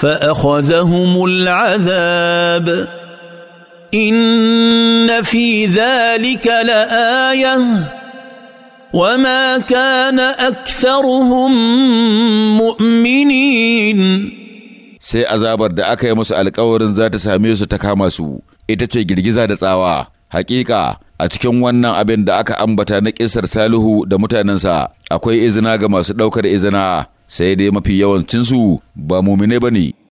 فاخذهم العذاب ان في ذلك لايه وما كان اكثرهم مؤمنين sai azabar da aka yi musu alkawarin za ta same su ta kama su ita ce girgiza da tsawa hakika a cikin wannan abin da aka ambata na kisar salihu da mutanensa akwai izina ga masu ɗaukar izina sai dai mafi yawancinsu ba mumine ba ne.